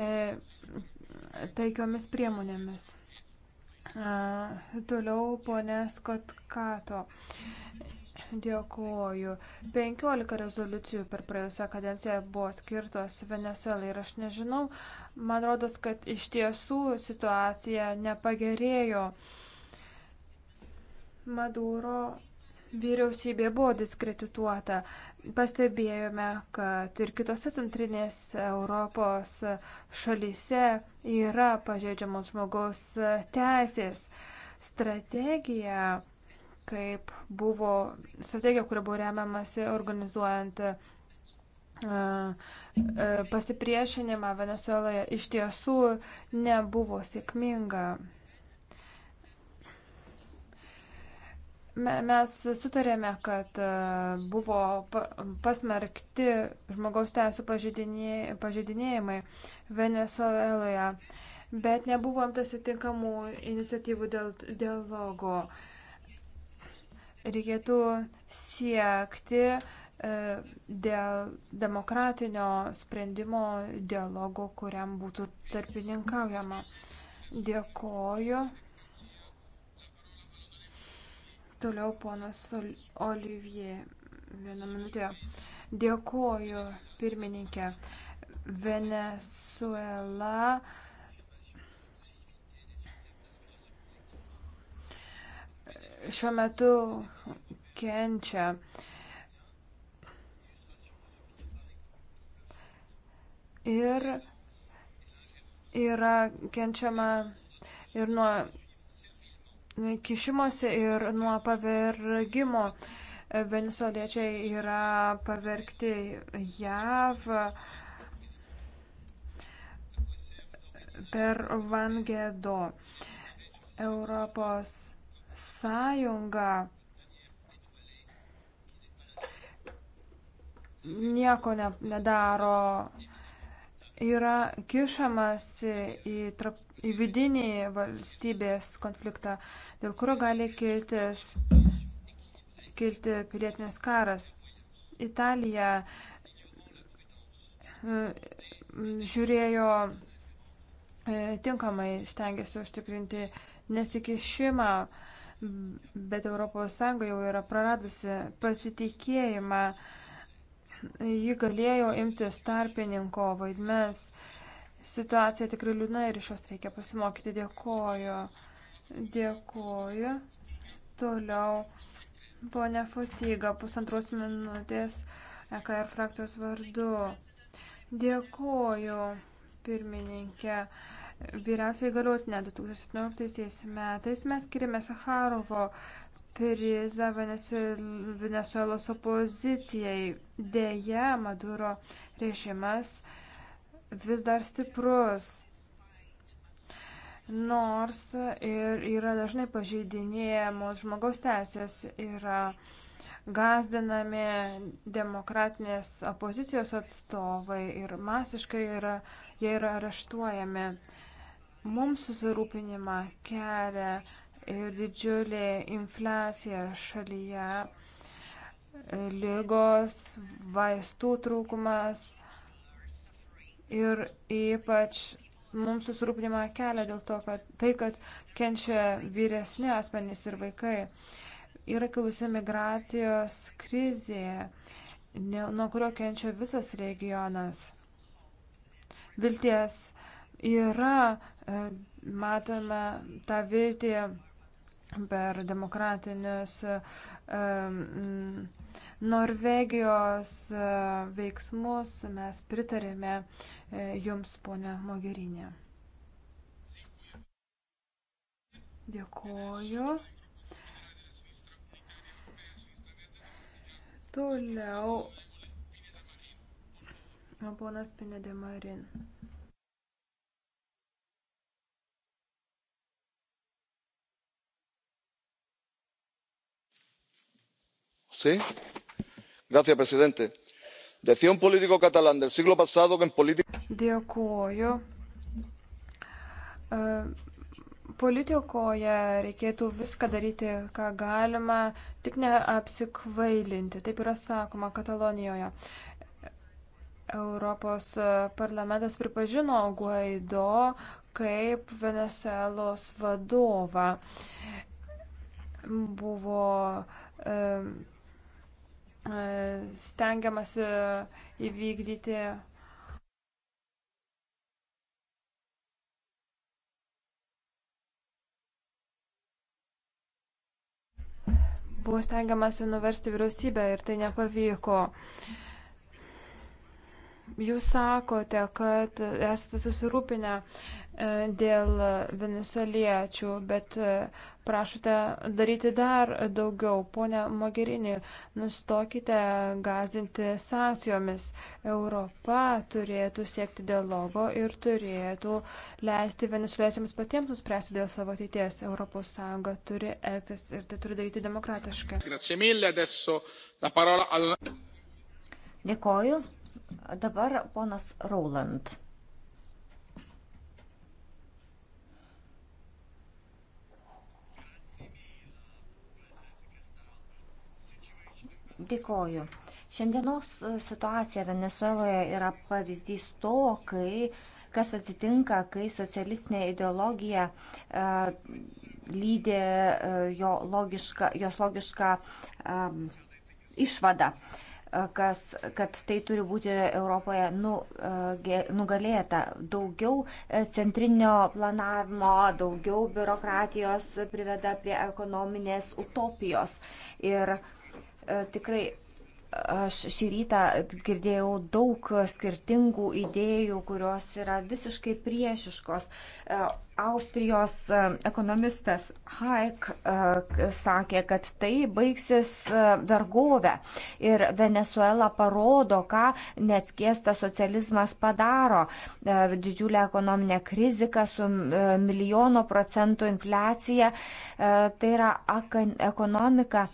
E, taikiomis priemonėmis. Toliau ponė Skotkato. Dėkuoju. 15 rezoliucijų per praėjusią kadenciją buvo skirtos Venezuelai ir aš nežinau, man rodos, kad iš tiesų situacija nepagerėjo. Maduro vyriausybė buvo diskredituota pastebėjome, kad ir kitose centrinės Europos šalyse yra pažeidžiamos žmogaus teisės. Strategija, kaip buvo, strategija, kuria buvo remiamasi organizuojant e, e, pasipriešinimą Venezueloje, iš tiesų nebuvo sėkminga. Mes sutarėme, kad e, buvo pasmerkti žmogaus teisų pažeidinėjimai Venezueloje, bet nebuvo imtasi tinkamų iniciatyvų dėl dialogo. Reikėtų siekti e, dėl demokratinio sprendimo dialogo, kuriam būtų tarpininkaujama. Dėkoju. Toliau ponas Olivier. Vieną minutę. Dėkuoju, pirmininkė. Venezuela. Šiuo metu kenčia. Ir yra kenčiama ir nuo kišimosi ir nuo pavergimo. Venezueliečiai yra pavergti JAV. Per Vangedo Europos Sąjunga nieko ne, nedaro, yra kišamasi į trap, vidinį valstybės konfliktą, dėl kurio gali kiltis, kilti pilietinės karas. Italija e, žiūrėjo e, tinkamai, stengiasi užtikrinti nesikišimą, bet ES jau yra praradusi pasitikėjimą. Ji galėjo imtis tarpininko vaidmens situacija tikrai liūdna ir iš jos reikia pasimokyti. Dėkoju. Dėkoju. Toliau. Pone Fotyga, pusantros minutės EKR frakcijos vardu. Dėkoju, pirmininkė. Vyriausiai galiotinė 2017 metais mes skiriame Sakharovo prizą Venezuelos opozicijai. Deja, Maduro režimas vis dar stiprus. Nors ir yra dažnai pažeidinėjamos žmogaus teisės, yra gazdinami demokratinės opozicijos atstovai ir masiškai yra, jie yra areštuojami. Mums susirūpinimą kelia ir didžiulė infliacija šalyje, lygos, vaistų trūkumas ir ypač mums susirūpinimą kelia dėl to, kad tai, kad kenčia vyresni asmenys ir vaikai. Yra kilusi migracijos krizė, nuo kurio kenčia visas regionas. Vilties yra, e, matome tą viltį per demokratinius um, Norvegijos e, veiksmus. Mes pritarėme e, jums, ponia Mogerinė. Dėkuoju. Toliau. Ponas Pinedė Marin. Sí señor presidente decía un político catalán del siglo pasado que en política. dėkoju. E, politikoje reikėtų viską daryti, ką galima, tik neapsikvailinti. Taip yra sakoma Katalonijoje. Europos parlamentas pripažino Guaido kaip Venezuelos vadovą. Buvo e, E, stengiamasi įvykdyti buvo stengiamasi nuversti vyriausybę ir tai nepavyko. Jūs sakote, kad esate susirūpinę e, dėl venesoliečių, bet e, prašote daryti dar daugiau. Pone Mogherini, nustokite gazdinti sankcijomis. Europa turėtų siekti dialogo ir turėtų leisti venesoliečiams patiems nuspręsti dėl savo ateities. ES turi elgtis ir tai turi daryti demokratiškai. Dėkoju. Dabar ponas Rauland. Dėkoju. Šiandienos situacija Venezueloje yra pavyzdys to, kai kas atsitinka, kai socialistinė ideologija e, lydė e, jo logišką, jos logišką e, išvadą. E, kas, kad tai turi būti Europoje nu, nugalėta. Daugiau e, centrinio planavimo, daugiau biurokratijos priveda prie ekonominės utopijos. Ir e, tikrai Aš šį rytą girdėjau daug skirtingų idėjų, kurios yra visiškai priešiškos e, Austrijos e, ekonomistas Haik e, sakė, kad tai baigsis e, vergovę. Ir Venezuela parodo, ką neatskiestas socializmas padaro. Didžiulė ekonominė krizika su milijono procentų infliacija. Tai yra ekonomika,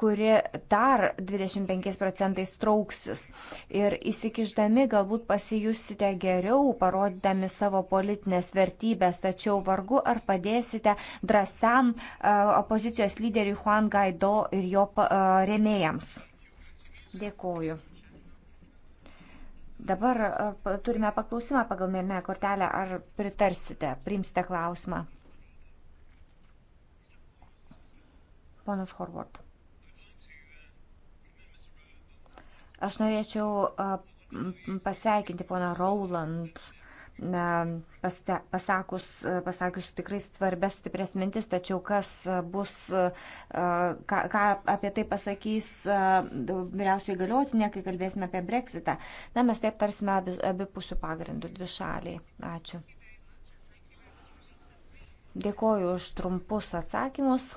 kuri dar 25 procentais trauksis. Ir įsikiždami galbūt pasijusite geriau, parodydami savo politinės vertybės. Tačiau tačiau vargu ar padėsite drąsiam e, opozicijos lyderiui Juan Gaido ir jo e, remėjams. Dėkuoju. Dabar e, turime paklausimą pagal mėlyną kortelę. Ar pritarsite, priimsite klausimą? Ponas Horvard. Aš norėčiau pasveikinti poną Rowland paste, pasakus, pasakius tikrai svarbės stiprės mintis, tačiau kas bus, ką, ką apie tai pasakys vyriausiai galiotinė, kai kalbėsime apie Brexitą. Na, mes taip tarsime abipusių abi pagrindų, dvi šaliai. Ačiū. Dėkoju už trumpus atsakymus.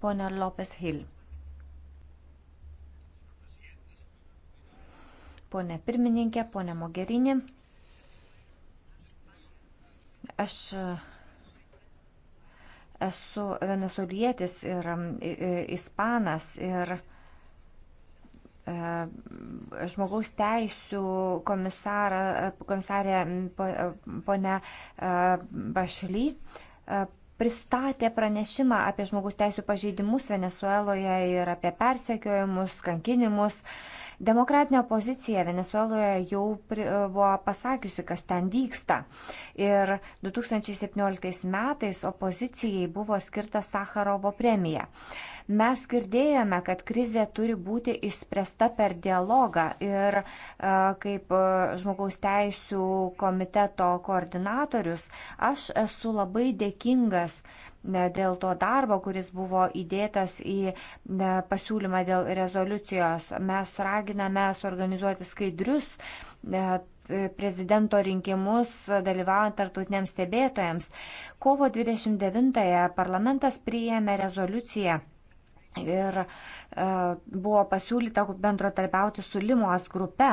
Pone Lopes Hill. ponė pirmininkė, ponė Mogerinė. Aš e, esu venezuelietis ir ispanas ir e, žmogaus teisų komisarė e, ponia Bašly pristatė pranešimą apie žmogaus teisų pažeidimus Venezueloje ir apie persekiojimus, kankinimus. Uh, Demokratinė pozicija Venezueloje jau e, buvo pasakiusi, kas ten vyksta. Ir 2017 metais opozicijai buvo skirta Sakarovo premija. Mes girdėjome, kad krizė turi būti išspręsta per dialogą ir e, kaip e, žmogaus teisų komiteto koordinatorius aš esu labai dėkingas uh, dėl to darbo, kuris buvo įdėtas į pasiūlymą dėl rezoliucijos. Mes raginame suorganizuoti skaidrius prezidento rinkimus dalyvaujant tartutiniams stebėtojams. Kovo 29-ąją parlamentas priėmė rezoliuciją. Ir e, buvo pasiūlyta bendratarbiauti su Limos grupe,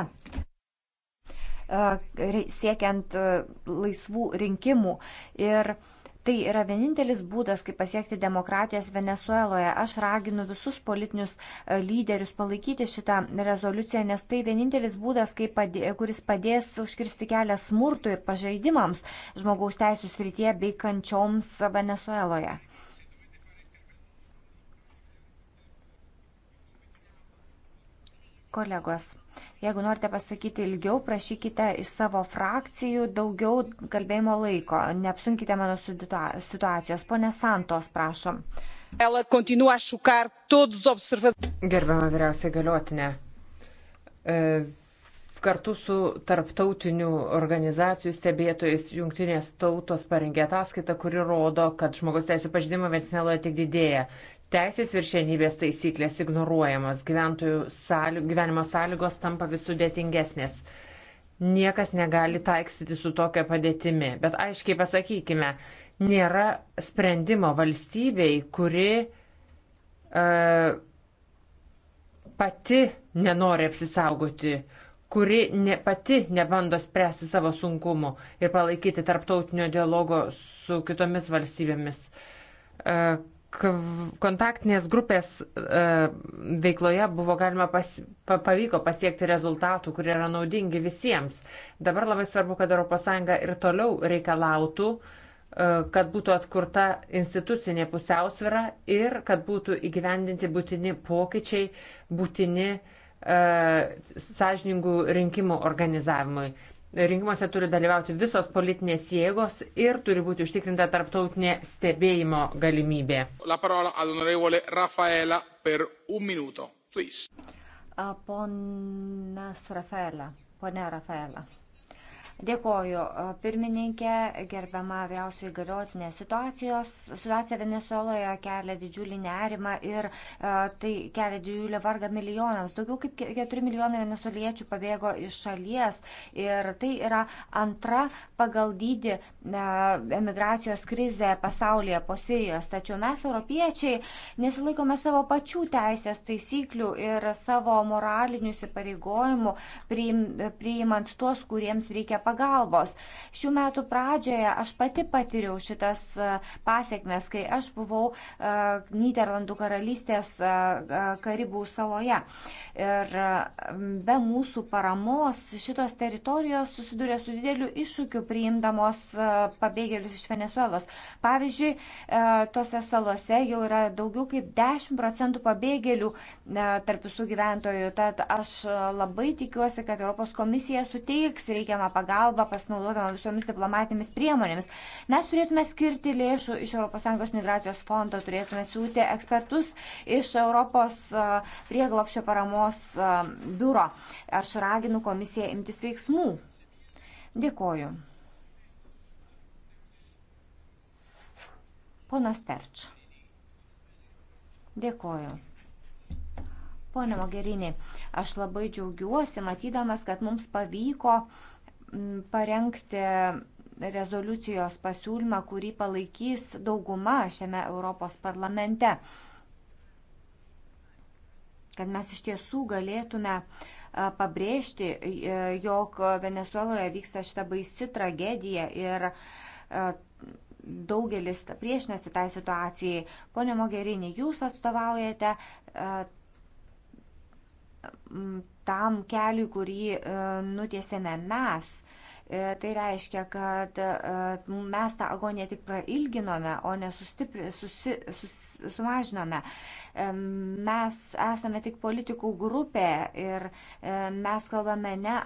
e, siekiant e, laisvų rinkimų. Ir e, Tai yra vienintelis būdas, kaip pasiekti demokratijos Venezueloje. Aš raginu visus politinius e, lyderius palaikyti šitą rezoliuciją, nes tai vienintelis būdas, padė, kuris padės užkirsti kelią smurtui ir pažeidimams žmogaus teisų srityje bei kančioms Venezueloje. Kolegos Jeigu norite pasakyti ilgiau, prašykite iš savo frakcijų daugiau kalbėjimo laiko. Neapsunkite mano situacijos. Pone Santos, prašom. Gerbiama vyriausiai galiotinė. E, kartu su tarptautiniu organizacijų stebėtojais jungtinės tautos parengė ataskaitą, kuri rodo, kad žmogaus teisų pažydimo Venezueloje tik didėja. Teisės viršenybės taisyklės ignoruojamos, gyventojų sąly, gyvenimo sąlygos tampa vis sudėtingesnės. Niekas negali taiksyti su tokia padėtimi, bet aiškiai pasakykime, nėra sprendimo valstybei, kuri uh, pati nenori apsisaugoti, kuri ne, pati nebando spręsti savo sunkumų ir palaikyti tarptautinio dialogo su kitomis valstybėmis. Uh, kontaktinės grupės e, veikloje buvo galima pas, pa, pavyko pasiekti rezultatų, kurie yra naudingi visiems. Dabar labai svarbu, kad ES ir toliau reikalautų, e, kad būtų atkurta institucinė pusiausvira ir kad būtų įgyvendinti būtini pokyčiai, būtini e, sąžiningų rinkimų organizavimui. Rinkimuose turi dalyvauti visos politinės jėgos ir turi būti užtikrinta tarptautinė stebėjimo galimybė. Rafaela per un minuto, please. Ponas Rafaela, ponia Rafaela. Dėkoju, pirmininkė, gerbiama vyriausioji galiotinė. Situacijos, situacija Venezueloje kelia didžiulį nerimą ir tai kelia didžiulį vargą milijonams. Daugiau kaip 4 milijonai venezueliečių pabėgo iš šalies ir tai yra antra pagal dydį emigracijos krizė pasaulyje po Sirijos. Tačiau mes, europiečiai, nesilaikome savo pačių teisės taisyklių ir savo moralinių įsipareigojimų priimant tuos, kuriems reikia pagalbos pagalbos. Šių metų pradžioje aš pati patyriau šitas e, pasiekmes, kai aš buvau e, Niderlandų karalystės e, Karibų saloje. Ir be mūsų paramos šitos teritorijos susidūrė su dideliu iššūkiu priimdamos pabėgėlius iš Venezuelos. Pavyzdžiui, tose salose jau yra daugiau kaip 10 procentų pabėgėlių tarp visų gyventojų. Tad aš labai tikiuosi, kad Europos komisija suteiks reikiamą pagalbą pagalbą pasinaudodama visomis diplomatinėmis priemonėmis. Mes turėtume skirti lėšų iš ES migracijos fondo, turėtume siūti ekspertus iš Europos prieglopščio paramos biuro. Aš raginu komisiją imtis veiksmų. Dėkoju. Ponas Terč. Dėkoju. Pone Mogerinė, aš labai džiaugiuosi matydamas, kad mums pavyko uh, parengti rezoliucijos pasiūlymą, kurį palaikys dauguma šiame Europos parlamente. Kad mes iš tiesų galėtume pabrėžti, e, jog Venezueloje vyksta šita baisi tragedija ir daugelis priešinasi tai situacijai. Pone Mogerinį, jūs atstovaujate tam keliui, kurį e, nutiesėme mes. E, tai reiškia, kad e, mes tą agoniją tik prailginome, o ne sustipri, susi, sus, sumažinome. Mes esame tik politikų grupė ir mes kalbame ne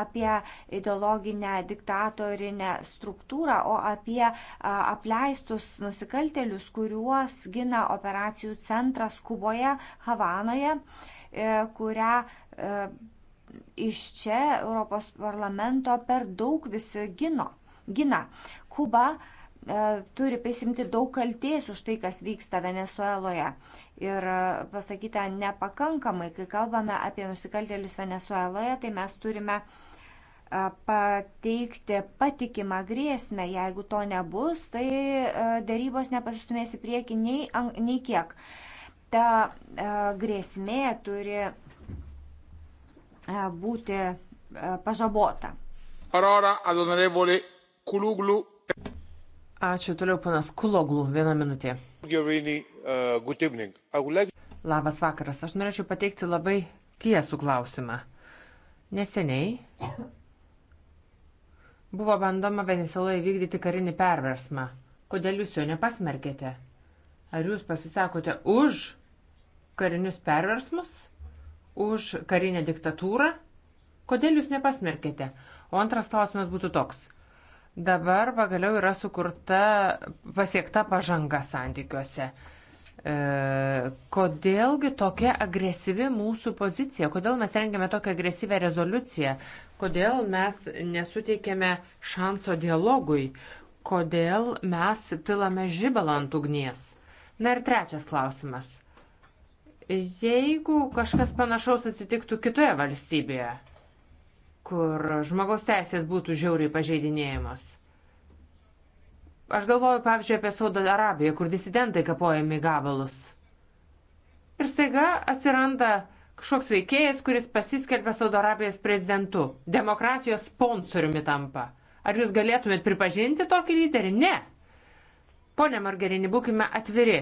apie ideologinę diktatorinę struktūrą, o apie apleistus nusikaltelius, kuriuos gina operacijų centras Kuboje, Havanoje. E, kurią e, iš čia Europos parlamento per daug visi gino, gina. Kuba e, turi prisimti daug kalties už tai, kas vyksta Venezueloje. Ir pasakyta nepakankamai, kai kalbame apie nusikaltėlius Venezueloje, tai mes turime pateikti patikimą grėsmę. Jeigu to nebus, tai dėrybos nepasistumės į priekį nei, nei kiek ta e, grėsmė turi e, būti e, pažabota. Ačiū toliau, panas Kuloglų, vieną minutę. Labas vakaras, aš norėčiau pateikti labai tiesų klausimą. Neseniai buvo bandoma Venezueloje vykdyti karinį perversmą. Kodėl jūs jo nepasmerkėte? Ar jūs pasisakote už karinius perversmus, už karinę diktatūrą? Kodėl jūs nepasmerkėte? O antras klausimas būtų toks. Dabar pagaliau yra sukurta pasiekta pažanga santykiuose. E, kodėlgi tokia agresyvi mūsų pozicija, kodėl mes rengiame tokią agresyvę rezoliuciją, kodėl mes nesuteikėme šanso dialogui, kodėl mes pilame žibalą ant ugnies. Na ir trečias klausimas. Jeigu kažkas panašaus atsitiktų kitoje valstybėje, kur žmogaus teisės būtų žiauriai pažeidinėjamos. Aš galvoju, pavyzdžiui, apie Saudo Arabiją, kur disidentai kapojami gabalus. Ir staiga atsiranda kažkoks veikėjas, kuris pasiskelbė Saudo Arabijos prezidentu, demokratijos sponsoriumi tampa. Ar jūs galėtumėt pripažinti tokį lyderį? Ne. Pone Margerini, būkime atviri.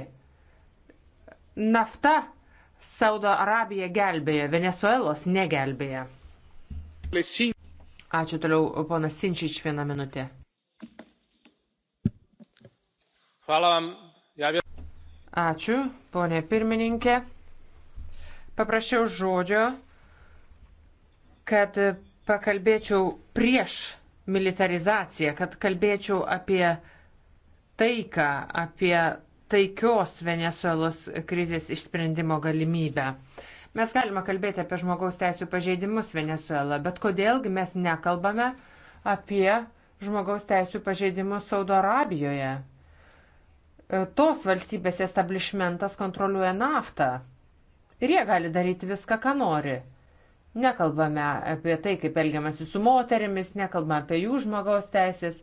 Nafta Saudo Arabija gelbėja, Venezuelos negelbėja. Ačiū toliau, ponas Sinčič, vieną minutę. Ačiū, ponė pirmininkė. Paprašiau žodžio, kad pakalbėčiau prieš militarizaciją, kad kalbėčiau apie uh, taiką, apie taikios Venezuelos krizės išsprendimo galimybę. Mes galime kalbėti apie žmogaus teisų pažeidimus Venezuela, bet kodėlgi mes nekalbame apie žmogaus teisų pažeidimus Saudo Arabijoje? E, tos valstybės establishmentas kontroliuoja naftą ir jie gali daryti viską, ką nori. Nekalbame apie tai, kaip elgiamasi su moterimis, nekalbame apie jų žmogaus teisės.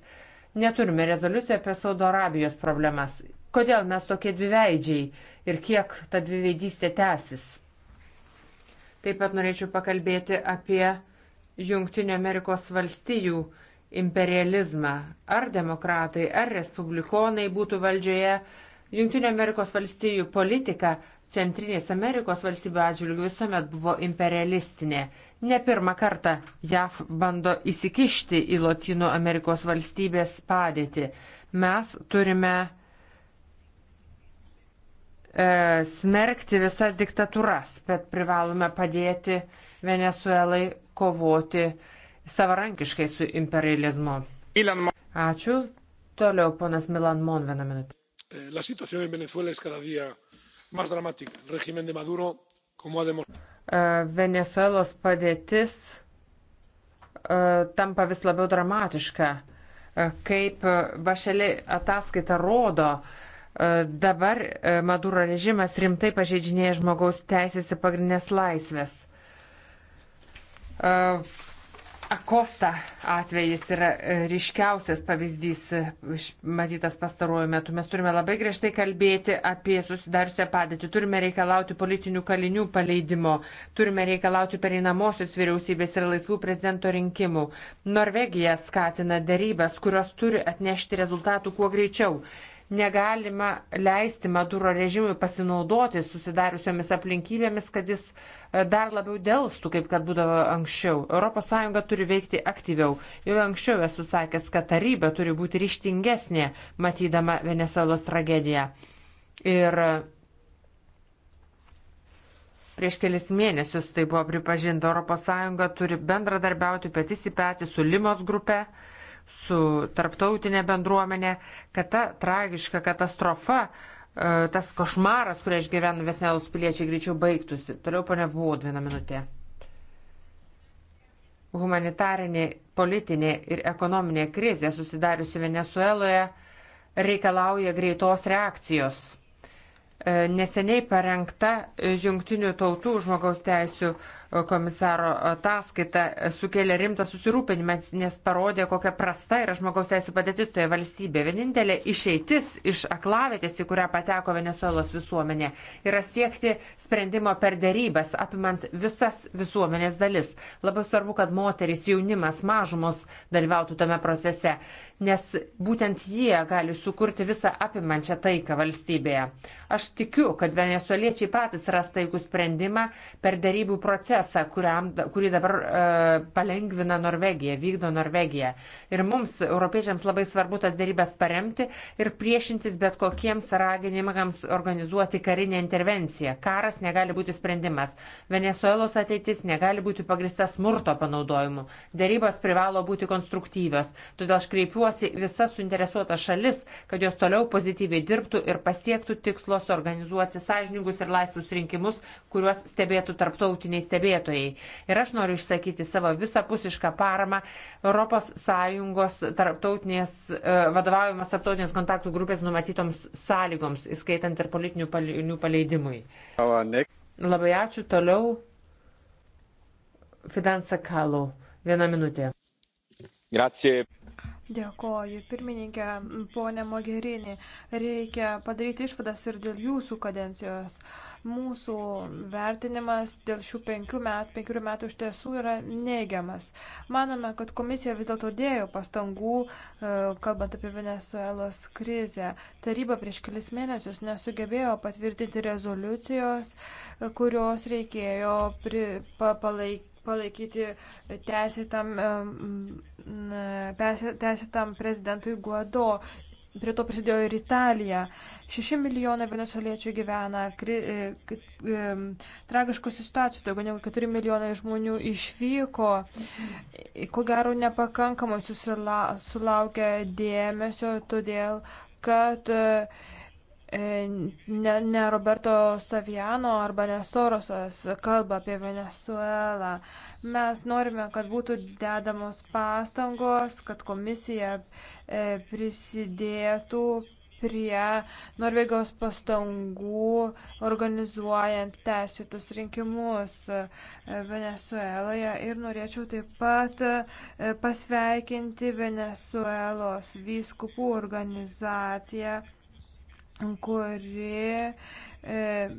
Neturime rezoliuciją apie Saudo Arabijos problemas. Kodėl mes tokie dviveidžiai ir kiek ta dviveidystė tęsis? Taip pat norėčiau pakalbėti apie Junktinio Amerikos valstijų imperializmą. Ar demokratai, ar respublikonai būtų valdžioje, Junktinio Amerikos valstijų politika Centrinės Amerikos valstybių atžvilgių visuomet buvo imperialistinė Ne pirmą kartą JAF bando įsikišti į Latino Amerikos valstybės padėtį. Mes turime e, smerkti visas diktatūras, bet privalome padėti Venezuelai kovoti savarankiškai su imperializmu. Ačiū. Toliau ponas Milan Mon vieną minutę. E, la situación en Venezuela es cada día más dramática. El régimen de Maduro, como ha demostrado. E, Venezuelos padėtis e, tampa vis labiau dramatiška. E, kaip Bašelė ataskaita rodo, dabar Maduro režimas rimtai pažeidžinėja žmogaus teisės ir pagrindinės laisvės. Akosta atvejis yra e, ryškiausias pavyzdys, e, matytas pastaruoju metu. Mes turime labai griežtai kalbėti apie susidariusią padėtį. Turime reikalauti politinių kalinių paleidimo, turime reikalauti pereinamosios vyriausybės ir laisvų prezidento rinkimų. Norvegija skatina darybas, kurios turi atnešti rezultatų kuo greičiau. Negalima leisti Maduro režimui pasinaudoti susidariusiomis aplinkybėmis, kad jis e, dar labiau dėlstų, kaip kad būdavo anksčiau. ES turi veikti aktyviau. Jau anksčiau esu sakęs, kad taryba turi būti ryštingesnė, matydama Venezuelos tragediją. Ir prieš kelis mėnesius tai buvo pripažinta. ES turi bendradarbiauti petys į petį su Limos grupe su tarptautinė bendruomenė, kad ta tragiška katastrofa, e, tas košmaras, kurį išgyvena Vesnelos piliečiai, greičiau baigtųsi. Toliau ponia Vuod vieną minutę. Humanitarinė, politinė ir ekonominė krizė susidariusi Venezueloje reikalauja greitos reakcijos e, neseniai parengta Junktinių tautų žmogaus teisų komisaro ataskaita sukėlė rimtą susirūpinimą, nes parodė, kokia prasta yra žmogaus teisų padėtis toje valstybėje. Vienintelė išeitis iš aklavėtės, į kurią pateko Venezuelos visuomenė, yra siekti sprendimo per dėrybęs, apimant visas visuomenės dalis. Labai svarbu, kad moteris, jaunimas, mažumos dalyvautų tame procese, nes būtent jie gali sukurti visą apimančią taiką valstybėje. Aš tikiu, kad venezueliečiai patys ras taikų sprendimą per dėrybų procesą procesą, kuriam, kurį dabar e, palengvina Norvegija, vykdo Norvegija. Ir mums, europiečiams, labai svarbu tas dėrybės paremti ir priešintis bet kokiems raginimams organizuoti karinę intervenciją. Karas negali būti sprendimas. Venezuelos ateitis negali būti pagrista smurto panaudojimu. Dėrybos privalo būti konstruktyvios. Todėl aš kreipiuosi visas suinteresuotas šalis, kad jos toliau pozityviai dirbtų ir pasiektų tikslo suorganizuoti sąžiningus ir laisvus rinkimus, kuriuos stebėtų tarptautiniai stebėjimai stebėtojai. Ir aš noriu išsakyti savo visapusišką paramą ES tarptautinės, e, vadovaujamas tarptautinės kontaktų grupės numatytoms sąlygoms, įskaitant ir politinių palinių paleidimui. Labai ačiū. Toliau Fidanza Kalu. Viena minutė. Grazie. Dėkoju, pirmininkė, ponė Mogherini. Reikia padaryti išvadas ir dėl jūsų kadencijos. Mūsų vertinimas dėl šių penkių metų, penkių metų iš tiesų yra neigiamas. Manome, kad komisija vis dėlto dėjo pastangų, e, kalbant apie Venezuelos krizę. Taryba prieš kelis mėnesius nesugebėjo patvirtinti rezoliucijos, kurios reikėjo pri, pa, palaikyti palaikyti teisėtam, teisėtam prezidentui Guado. Prie to prisidėjo ir Italija. Šeši milijonai venesoliečių gyvena kri, kri, e, kri, tragiškos situacijos, daugiau negu keturi milijonai žmonių išvyko. Ko gero nepakankamai susila, sulaukia dėmesio, todėl kad uh, E, ne, ne Roberto Saviano arba ne Sorosas kalba apie Venezuelą. Mes norime, kad būtų dedamos pastangos, kad komisija e, prisidėtų prie Norvegijos pastangų organizuojant teisėtus rinkimus e, Venezueloje. Ir norėčiau taip pat pasveikinti Venezuelos vyskupų organizaciją kuri e,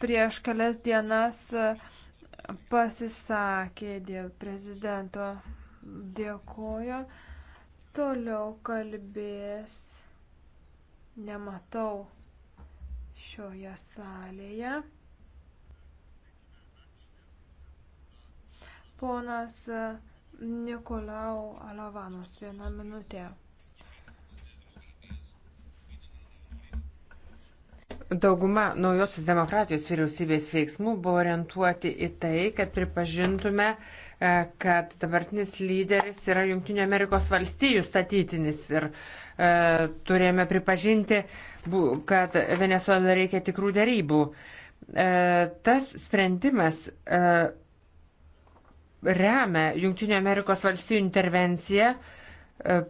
prieš kelias dienas e, pasisakė dėl prezidento. Dėkoju. Toliau kalbės. Nematau šioje salėje. Ponas e, Nikolau Alavanos vieną minutę. Dauguma naujosios demokratijos vyriausybės veiksmų buvo orientuoti į tai, kad pripažintume, e, kad dabartinis lyderis yra Junktinių Amerikos valstijų statytinis ir e, turėjome pripažinti, kad Venezuela reikia tikrų darybų. E, tas sprendimas e, remia Junktinių Amerikos valstijų intervenciją. E,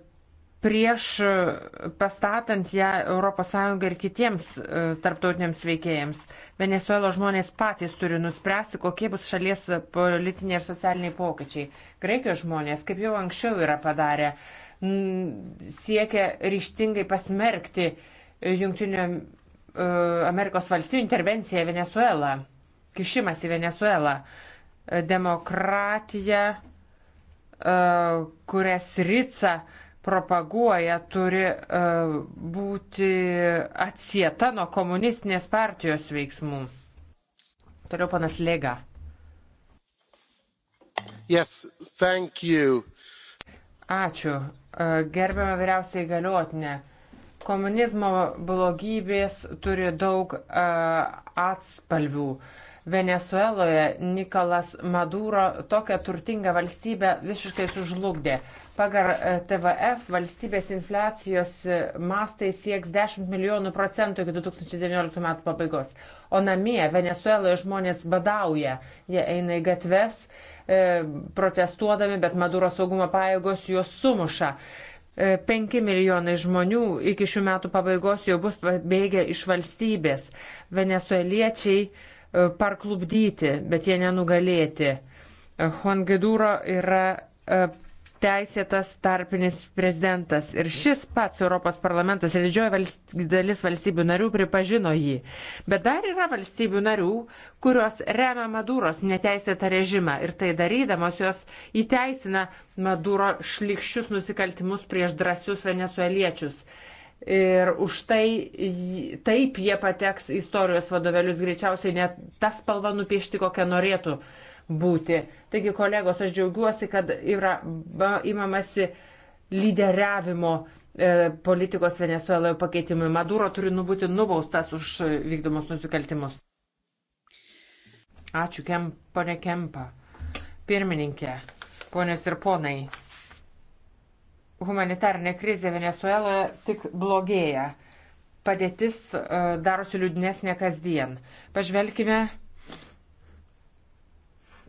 prieš e, pastatant ją ES ir kitiems e, tarptautiniams veikėjams. Venezuelo žmonės patys turi nuspręsti, kokie bus šalies politiniai ir socialiniai pokyčiai. Graikijos žmonės, kaip jau anksčiau yra padarę, siekia ryštingai pasmerkti Junktinio e, Amerikos valstybių intervenciją į Venezuelą, kišimas į Venezuelą, demokratiją, kurias rica propaguoja, turi e, būti atsieta nuo komunistinės partijos veiksmų. Toliau panas Lega. Yes, Ačiū. E, Gerbiamą vyriausiai galiotinę. Komunizmo blogybės turi daug e, atspalvių. Uh, Venezueloje Nikolas Maduro tokią turtingą valstybę visiškai sužlugdė. Pagal e, TVF valstybės infliacijos e, mastai sieks 10 milijonų procentų iki 2019 metų pabaigos. O namie Venezueloje žmonės badauja, jie eina į gatves e, protestuodami, bet Maduro saugumo pajėgos juos sumuša. 5 e, milijonai žmonių iki šių metų pabaigos jau bus pabėgę iš valstybės. Venezueliečiai uh, E, parklubdyti, bet jie nenugalėti. Hongidūro e, yra e, teisėtas tarpinis prezidentas. Ir šis pats Europos parlamentas ir didžioji valst, dalis valstybių narių pripažino jį. Bet dar yra valstybių narių, kurios remia Maduros neteisėtą režimą ir tai darydamos jos įteisina Maduro šlikščius nusikaltimus prieš drąsius venezueliečius. Ir už tai taip jie pateks į istorijos vadovėlius, greičiausiai net tas spalva nupiešti, kokią norėtų būti. Taigi, kolegos, aš džiaugiuosi, kad yra imamasi lyderiavimo e, politikos Venezueloje pakeitimui. Maduro turi būti nubaustas už vykdomus nusikaltimus. Ačiū, kem, ponė Kempa. Pirmininkė, ponės ir ponai humanitarinė krizė Venezueloje tik blogėja. Padėtis e, darosi liūdnesnė kasdien. Pažvelkime,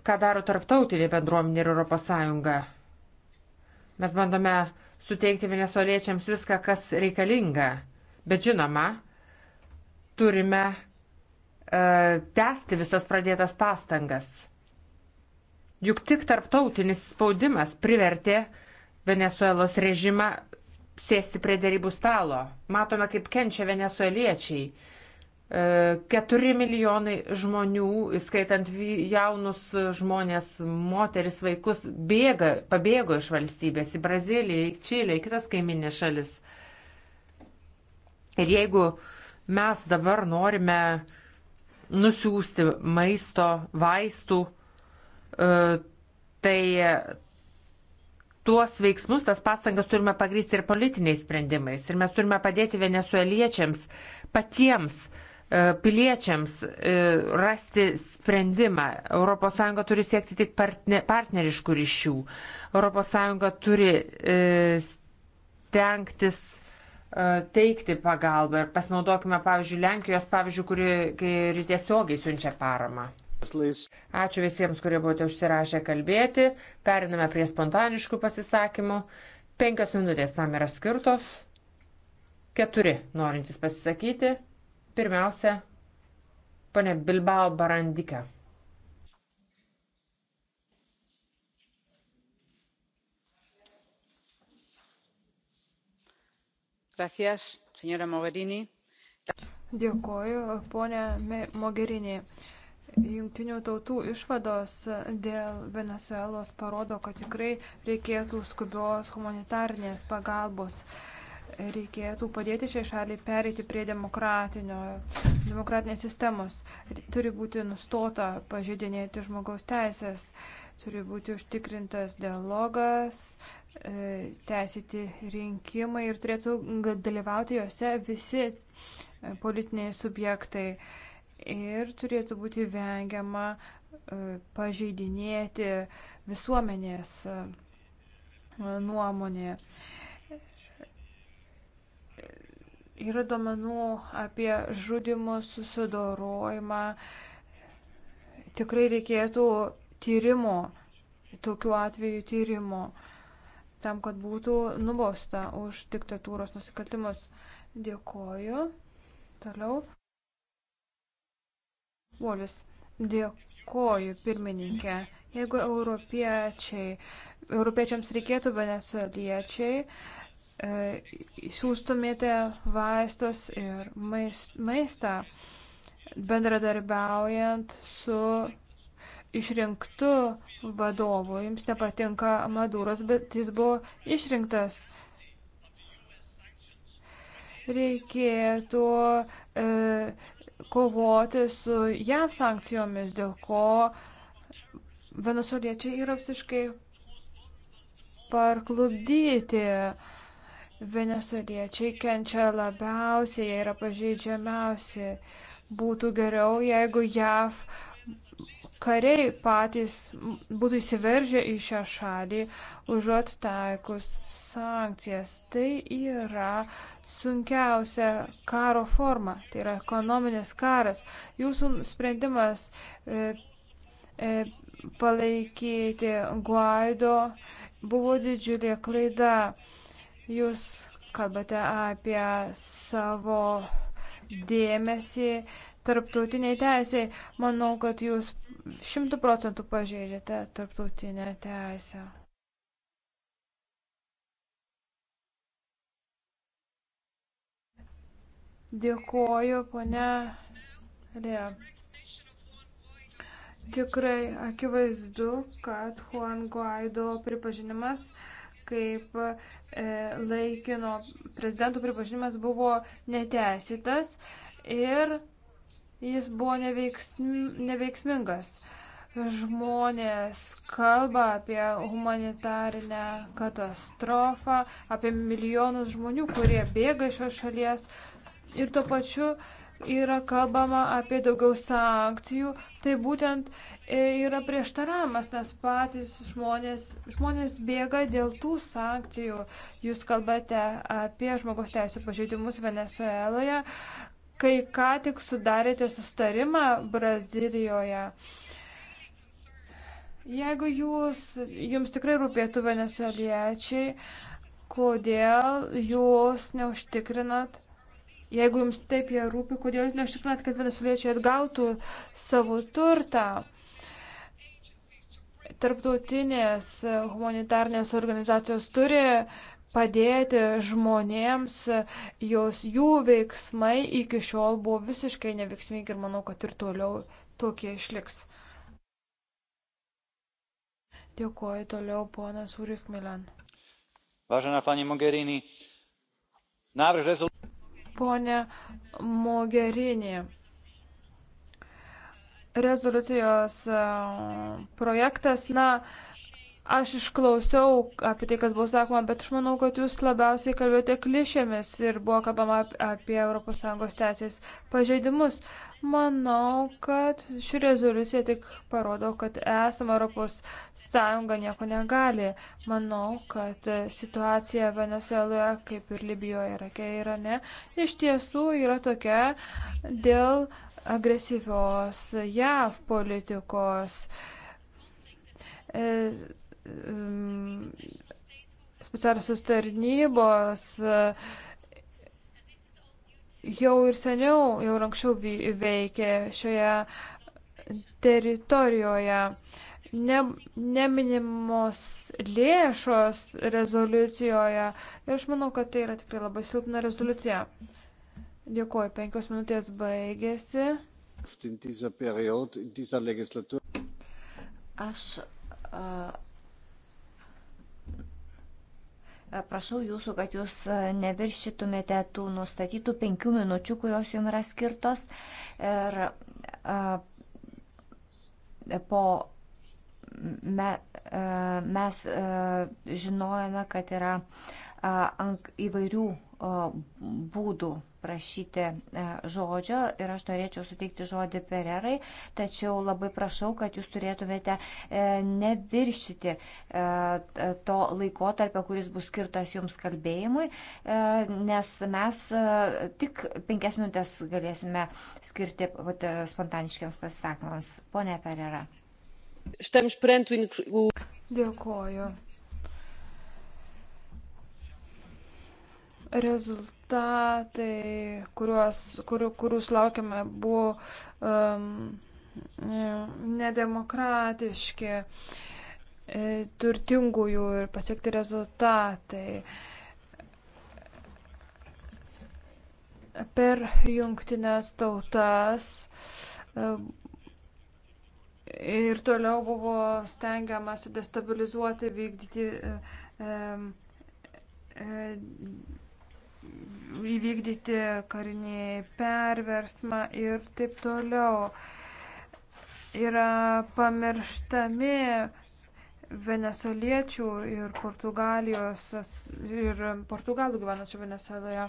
ką daro tarptautinė bendruomenė ir ES. Mes bandome suteikti venesoliečiams viską, kas reikalinga. Bet žinoma, turime e, tęsti visas pradėtas pastangas. Juk tik tarptautinis spaudimas privertė uh, Venezuelos režimą sėsti prie dėrybų stalo. Matome, kaip kenčia venezueliečiai. 4 e, milijonai žmonių, įskaitant jaunus žmonės, moteris, vaikus, bėga, pabėgo iš valstybės į Braziliją, į Čilę, į kitas kaiminės šalis. Ir jeigu mes dabar norime nusiųsti maisto, vaistų, e, tai tuos veiksmus, tas pastangas turime pagrysti ir politiniais sprendimais. Ir mes turime padėti venezueliečiams patiems e, piliečiams e, rasti sprendimą. ES turi siekti tik partneriškų ryšių. ES turi e, stengtis teikti pagalbą ir pasinaudokime, pavyzdžiui, Lenkijos, pavyzdžiui, kuri, kuri tiesiogiai siunčia paramą. Ačiū visiems, kurie buvote užsirašę kalbėti. Periname prie spontaniškų pasisakymų. Penkios minutės tam yra skirtos. Keturi norintys pasisakyti. Pirmiausia, ponė Bilbao Barandika. Gracias, señora Mogherini. Dėkoju, ponė Mogherini. Jungtinių tautų išvados dėl Venezuelos parodo, kad tikrai reikėtų skubios humanitarnės pagalbos. Reikėtų padėti šiai šaliai pereiti prie demokratinės sistemos. Turi būti nustota pažeidinėti žmogaus teisės, turi būti užtikrintas dialogas, e, teisėti rinkimai ir turėtų dalyvauti juose visi politiniai subjektai ir turėtų būti vengiama e, pažeidinėti visuomenės e, nuomonė. Yra domenų apie žudimus, susidorojimą. Tikrai reikėtų tyrimo, tokiu atveju tyrimo, tam, kad būtų nubausta už diktatūros nusikaltimus. Dėkoju. Toliau. Volis, dėkoju pirmininkė. Jeigu europiečiai, europiečiams reikėtų venezueliečiai, e, siūstumėte vaistus ir maistą, bendradarbiaujant su išrinktu vadovu. Jums nepatinka Maduras, bet jis buvo išrinktas. Reikėtų e, kovoti su JAV sankcijomis, dėl ko venesoliečiai yra visiškai parklubdyti. Venesoliečiai kenčia labiausiai, jie yra pažeidžiamiausi. Būtų geriau, jeigu JAV kariai patys būtų įsiveržę į šią šalį, užuot taikus sankcijas. Tai yra sunkiausia karo forma, tai yra ekonominis karas. Jūsų sprendimas e, e, palaikyti Guaido buvo didžiulė klaida. Jūs kalbate apie savo dėmesį tarptautiniai teisėjai. Manau, kad jūs šimtų procentų pažeidžiate tarptautinę teisę. Dėkoju, ponia Lė. Tikrai akivaizdu, kad Juan Guaido pripažinimas kaip e, laikino prezidento pripažinimas buvo neteisėtas ir jis buvo neveiksmingas. Žmonės kalba apie humanitarinę katastrofą, apie milijonus žmonių, kurie bėga iš šios šalies ir tuo pačiu yra kalbama apie daugiau sankcijų, tai būtent e, yra prieštaravimas, nes patys žmonės, žmonės bėga dėl tų sankcijų. Jūs kalbate apie žmogaus teisų pažeidimus Venezueloje, kai ką tik sudarėte sustarimą Brazilijoje. Jeigu jūs, jums tikrai rūpėtų venezueliečiai, kodėl jūs neužtikrinat, jeigu jums taip jie rūpi, kodėl jūs neužtikrinat, kad venezueliečiai atgautų savo turtą? Tarptautinės humanitarnės organizacijos turi uh, padėti žmonėms, jos jų veiksmai iki šiol buvo visiškai neveiksmingi ir manau, kad ir toliau tokie išliks. Dėkuoju toliau ponas Urich Milan. Vážená pani Mogherini, návrh rezoliucije. Pone Mogherini, rezoliucijos e, projektas, na, Aš išklausiau apie tai, kas buvo sakoma, bet aš manau, kad jūs labiausiai kalbėjote klišėmis ir buvo kalbama apie ES teisės pažeidimus. Manau, kad ši rezoliucija tik parodo, kad esama ES nieko negali. Manau, kad situacija Venezueloje, kaip ir Libijoje, Irake, Irane, iš tiesų yra tokia dėl agresyvios JAV politikos. E, Ehm, specialiosios tarnybos e, jau ir seniau, jau ir anksčiau veikė šioje teritorijoje. Ne, neminimos lėšos rezoliucijoje ir aš manau, kad tai yra tikrai labai silpna rezoliucija. Dėkuoju, penkios minutės baigėsi. Aš uh Prašau jūsų, kad jūs e, neviršytumėte tų nustatytų penkių minučių, kurios jums yra skirtos. Ir a, e, po me, a, e, mes a, žinojame, kad yra a, ank, įvairių a, būdų prašyti e, žodžio ir aš norėčiau suteikti žodį Pererai, tačiau labai prašau, kad jūs turėtumėte e, neviršyti e, to laikotarpio, kuris bus skirtas jums kalbėjimui, nes mes tik penkias minutės galėsime skirti spontaniškiams pasisakymams. Pone Perera. Dėkoju. Rezultatai, kuriuos, kurių, kurių laukiame, buvo um, nedemokratiški, e, turtingųjų ir pasiekti rezultatai. Per jungtinės tautas e, ir toliau buvo stengiamasi destabilizuoti, vykdyti e, e, e įvykdyti karinį perversmą ir taip toliau. Yra pamirštami venesoliečių ir Portugalijos ir Portugalų gyvenančių Venezueloje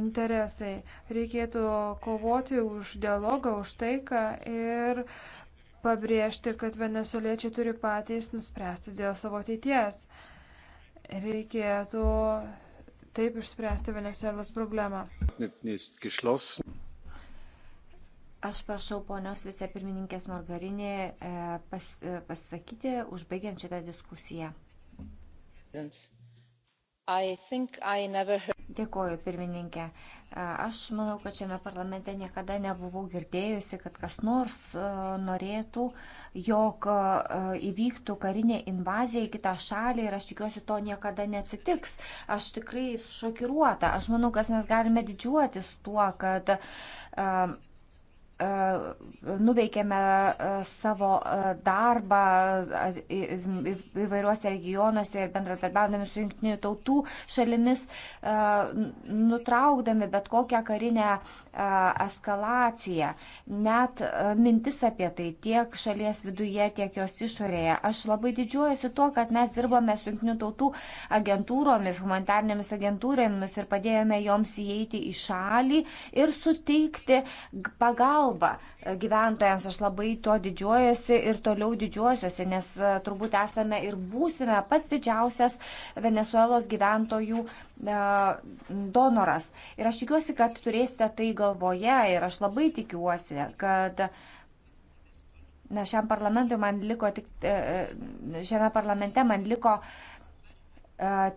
interesai. Reikėtų kovoti už dialogą, už taiką ir pabrėžti, kad venesoliečiai turi patys nuspręsti dėl savo ateities. Reikėtų taip išspręsti Venezuelos problemą. Aš prašau ponios vicepirmininkės Margarinė e, pas, e, pasakyti, užbaigiant šitą diskusiją. Dėkoju, pirmininkė. Aš manau, kad šiame parlamente niekada nebuvau girdėjusi, kad kas nors norėtų, jog įvyktų karinė invazija į kitą šalį ir aš tikiuosi, to niekada neatsitiks. Aš tikrai šokiruota. Aš manau, kad mes galime didžiuotis tuo, kad E, nuveikėme e, savo e, darbą įvairiuose regionuose ir bendradarbiaudami su jungtinių tautų šalimis, nutraukdami bet kokią karinę eskalaciją, net mintis apie tai tiek šalies viduje, tiek jos išorėje. Aš labai didžiuojuosi tuo, kad mes dirbome su jungtinių tautų agentūromis, humanitarnėmis agentūromis ir padėjome joms įeiti į šalį ir suteikti pagalbą pagalbą gyventojams. Aš labai to didžiuojuosi ir toliau didžiuosiuosi, nes e, turbūt esame ir būsime pats didžiausias Venezuelos gyventojų e, donoras. Ir aš tikiuosi, kad turėsite tai galvoje ir aš labai tikiuosi, kad Na, šiam parlamentui man liko tik, e, šiame parlamente man liko uh,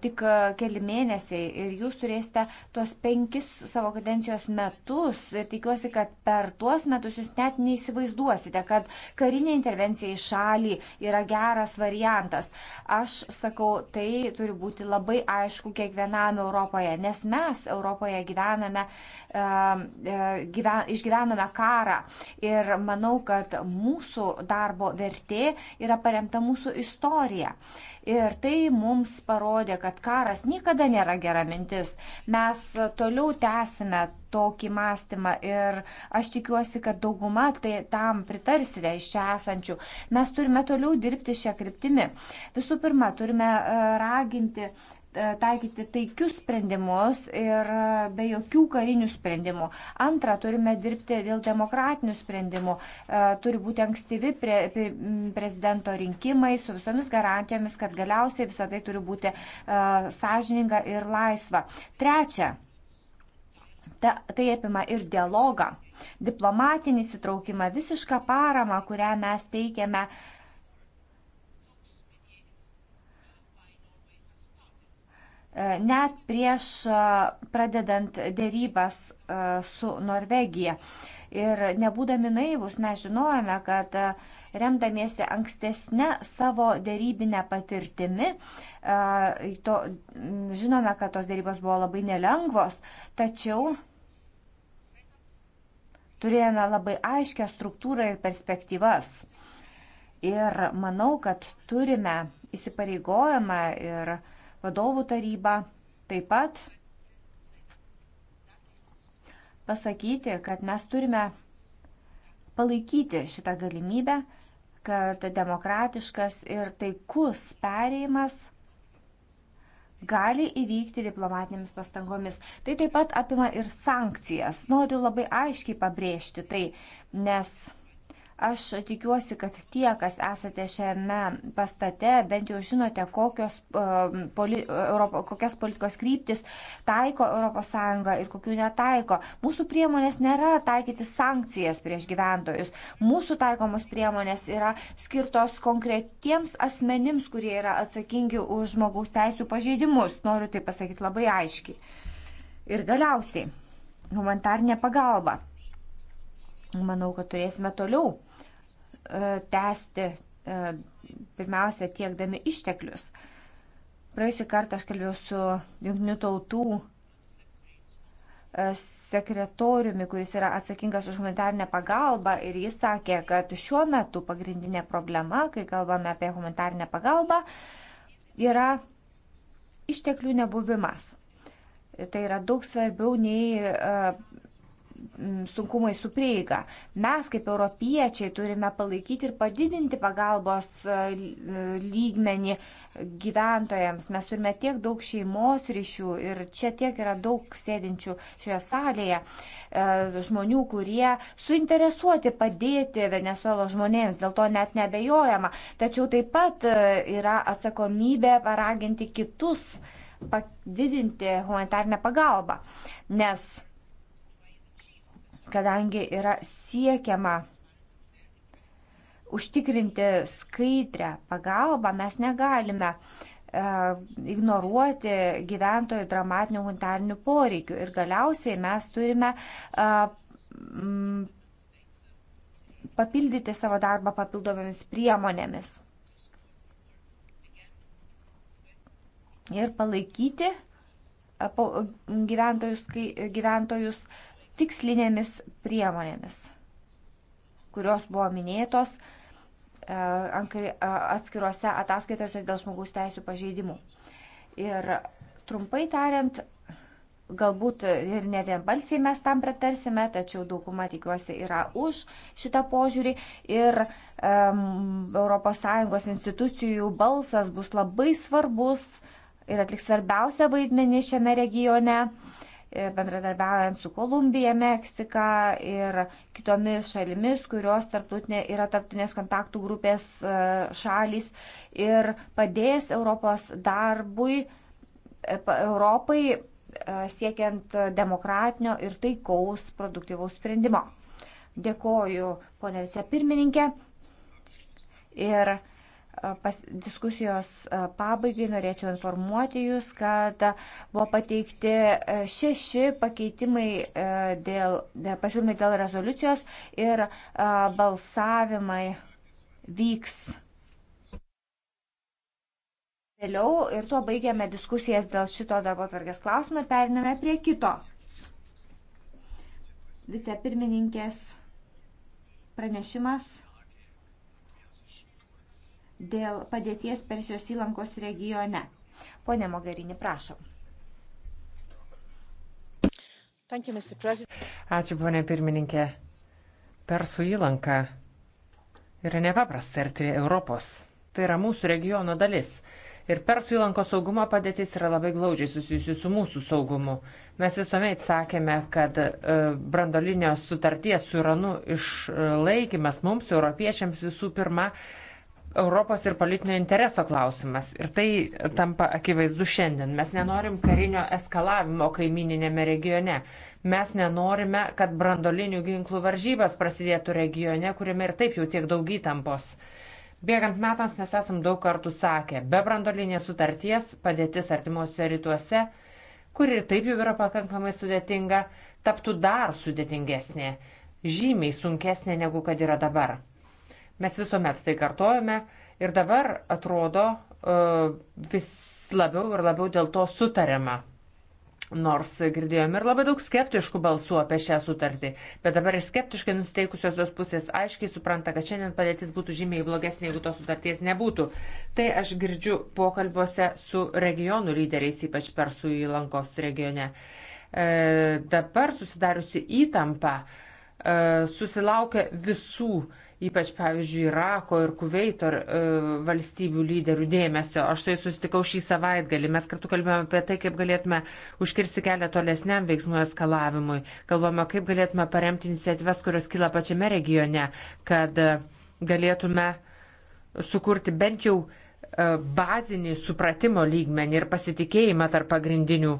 tik keli mėnesiai ir jūs turėsite tuos penkis savo kadencijos metus ir tikiuosi, kad per tuos metus jūs net neįsivaizduosite, kad karinė intervencija į šalį yra geras variantas. Aš sakau, tai turi būti labai aišku kiekvienam Europoje, nes mes Europoje gyvename, gyven, išgyvenome karą ir manau, kad mūsų darbo vertė yra paremta mūsų istorija. Ir tai mums parodė, kad karas niekada nėra gera mintis. Mes toliau tęsime tokį mąstymą ir aš tikiuosi, kad dauguma tai tam pritarsite iš čia esančių. Mes turime toliau dirbti šią kryptimį. Visų pirma, turime e, raginti E, taikyti taikius sprendimus ir e, be jokių karinių sprendimų. Antra, turime dirbti dėl demokratinių sprendimų. E, turi būti ankstyvi pre, pre, prezidento rinkimai su visomis garantijomis, kad galiausiai visą tai turi būti sąžininga ir laisva. Trečia, ta, tai apima ir dialogą, diplomatinį sitraukimą, visišką paramą, kurią mes teikiame uh, E, net prieš e, pradedant dėrybas e, su Norvegija. Ir nebūdami naivus mes žinojame, kad remdamiesi ankstesnė savo dėrybinę patirtimi, to, žinome, kad tos dėrybos buvo labai nelengvos, tačiau turėjome labai aiškę struktūrą ir perspektyvas. Ir manau, kad turime įsipareigojimą ir uh, vadovų tarybą, taip pat pasakyti, kad mes turime palaikyti šitą galimybę, kad demokratiškas ir taikus perėjimas gali įvykti diplomatinėmis pastangomis. Tai taip pat apima ir sankcijas. Noriu labai aiškiai pabrėžti tai, nes Aš tikiuosi, kad tie, kas esate šiame pastate, bent jau žinote, kokios, e, poli, Europo, kokias politikos kryptis taiko ES ir kokių netaiko. Mūsų priemonės nėra taikyti sankcijas prieš gyventojus. Mūsų taikomos priemonės yra skirtos konkretiems asmenims, kurie yra atsakingi už žmogaus teisų pažeidimus. Noriu tai pasakyti labai aiškiai. Ir galiausiai, humanitarnė pagalba manau, kad turėsime toliau E, tęsti e, pirmiausia tiekdami išteklius. Praėjusį kartą aš kalbėjau su Junktinių tautų e, sekretoriumi, kuris yra atsakingas už humanitarinę pagalbą ir jis sakė, kad šiuo metu pagrindinė problema, kai kalbame apie humanitarinę pagalbą, yra išteklių nebuvimas. Tai yra daug svarbiau nei Mm, sunkumai su prieiga. Mes kaip europiečiai turime palaikyti ir padidinti pagalbos e, lygmenį gyventojams. Mes turime tiek daug šeimos ryšių ir čia tiek yra daug sėdinčių šioje salėje e, žmonių, kurie suinteresuoti padėti Venezuelo žmonėms, dėl to net nebejojama. Tačiau taip pat e, yra atsakomybė paraginti kitus padidinti humanitarnę pagalbą, nes kadangi yra siekiama užtikrinti skaidrę pagalbą, mes negalime e, ignoruoti gyventojų dramatinių humanitarnių poreikių. Ir galiausiai mes turime e, papildyti savo darbą papildomomis priemonėmis. Ir palaikyti e, gyventojus, gyventojus uh, tikslinėmis priemonėmis, kurios buvo minėtos e, e, atskiruose ataskaitose dėl žmogaus teisų pažeidimų. Ir trumpai tariant, galbūt ir ne vienbalsiai mes tam pritarsime, tačiau dauguma tikiuosi yra už šitą požiūrį ir um, ES institucijų balsas bus labai svarbus ir atliks svarbiausią vaidmenį šiame regione. Uh, bendradarbiaujant su Kolumbija, Meksika ir kitomis šalimis, kurios tarptautinė, yra tarptautinės kontaktų grupės e, šalis ir padės Europos darbui, e, Europai e, siekiant demokratinio ir taikaus produktyvaus sprendimo. Dėkoju, ponė vicepirmininkė. Ir pas, diskusijos pabaigai norėčiau informuoti Jūs, kad buvo pateikti šeši pakeitimai dėl, dėl pasiūlymai dėl rezoliucijos ir balsavimai vyks. Vėliau ir tuo baigiame diskusijas dėl šito darbo tvarkės klausimo ir periname prie kito. Vicepirmininkės pranešimas dėl padėties Persijos įlankos regione. Pone Mogherini, prašom. You, Ačiū, ponė pirmininkė. Persų įlanka yra nepaprastai arti Europos. Tai yra mūsų regiono dalis. Ir Persų įlanko saugumo padėtis yra labai glaudžiai susijusi su mūsų saugumu. Mes visuomet sakėme, kad e, brandolinio sutarties su Iranu išlaikymas mums, europiečiams, visų pirma, Europos ir politinio intereso klausimas. Ir tai tampa akivaizdu šiandien. Mes nenorim karinio eskalavimo kaimininėme regione. Mes nenorime, kad brandolinių ginklų varžybas prasidėtų regione, kuriame ir taip jau tiek daug įtampos. Bėgant metams mes esam daug kartų sakę, be brandolinės sutarties padėtis artimuose rytuose, kur ir taip jau yra pakankamai sudėtinga, taptų dar sudėtingesnė, žymiai sunkesnė negu kad yra dabar. Mes visuomet tai kartojame ir dabar atrodo e, vis labiau ir labiau dėl to sutariama. Nors girdėjome ir labai daug skeptiškų balsų apie šią sutartį, bet dabar ir skeptiškai nusiteikusios pusės aiškiai supranta, kad šiandien padėtis būtų žymiai blogesnė, jeigu tos sutarties nebūtų. Tai aš girdžiu pokalbiuose su regionų lyderiais, ypač Persų įlankos regione. E, dabar susidariusi įtampa e, susilaukia visų ypač, pavyzdžiui, Irako ir Kuveito e, valstybių lyderių dėmesio. Aš tai susitikau šį savaitgalį. Mes kartu kalbėjome apie tai, kaip galėtume užkirsti kelią tolesniam veiksmų eskalavimui. Kalbame, kaip galėtume paremti iniciatyvas, kurios kyla pačiame regione, kad e, galėtume sukurti bent jau e, bazinį supratimo lygmenį ir pasitikėjimą tarp pagrindinių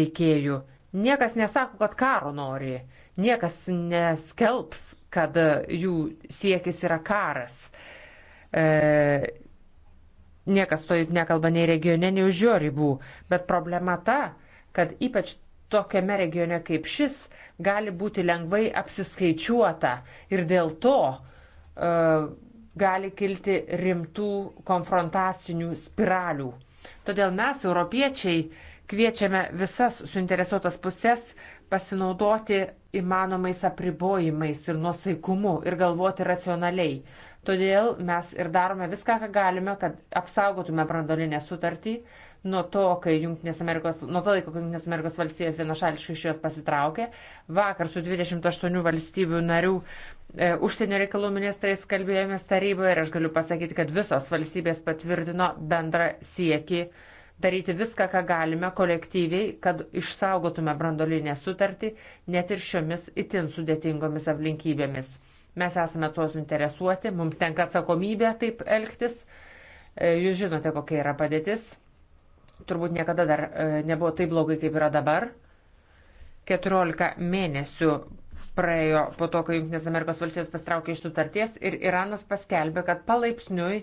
veikėjų. Niekas nesako, kad karo nori, niekas neskelbs, kad e, jų siekis yra karas. E, niekas to nekalba nei regione, nei už jo ribų, bet problema ta, kad ypač tokiame regione kaip šis gali būti lengvai apsiskaičiuota ir dėl to e, gali kilti rimtų konfrontacinių spiralių. Todėl mes, europiečiai, kviečiame visas suinteresuotas pusės pasinaudoti įmanomais apribojimais ir nuosaikumu ir galvoti racionaliai. Todėl mes ir darome viską, ką galime, kad apsaugotume brandolinę sutartį nuo to, kai Junktinės Amerikos, nuo to laiko, kai Junktinės Amerikos valstijos vienašališkai iš jos pasitraukė. Vakar su 28 valstybių narių e, užsienio reikalų ministrais kalbėjomės taryboje ir aš galiu pasakyti, kad visos valstybės patvirtino bendrą siekį daryti viską, ką galime kolektyviai, kad išsaugotume brandolinę sutartį net ir šiomis itin sudėtingomis aplinkybėmis. Mes esame tuo suinteresuoti, mums tenka atsakomybė taip elgtis. E, jūs žinote, kokia yra padėtis. Turbūt niekada dar e, nebuvo taip blogai, kaip yra dabar. 14 mėnesių praėjo po to, kai Junktinės Amerikos valstijos pastraukė iš sutarties ir Iranas paskelbė, kad palaipsniui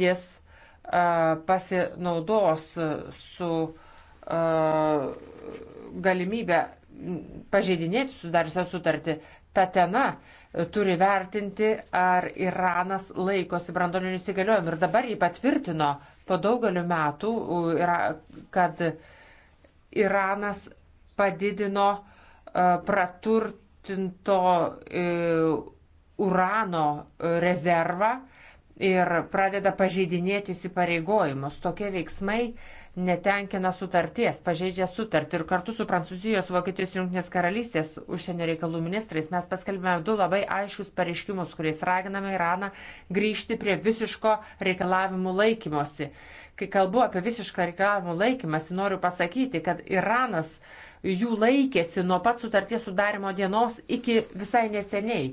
jis pasinaudos su galimybę pažeidinėti sudariusią sutartį, Tatena turi vertinti, ar Iranas laikosi brandolinių įsigaliojimų. Ir dabar jį patvirtino po daugelių metų, kad Iranas padidino praturtinto e, urano rezervą ir pradeda pažeidinėti įsipareigojimus. Tokie veiksmai netenkina sutarties, pažeidžia sutartį. Ir kartu su Prancūzijos, Vokietijos ir Junktinės karalystės užsienio reikalų ministrais mes paskelbėme du labai aiškius pareiškimus, kuriais raginame Iraną grįžti prie visiško reikalavimų laikymosi. Kai kalbu apie visišką reikalavimų laikymasi, noriu pasakyti, kad Iranas jų laikėsi nuo pat sutarties sudarimo dienos iki visai neseniai.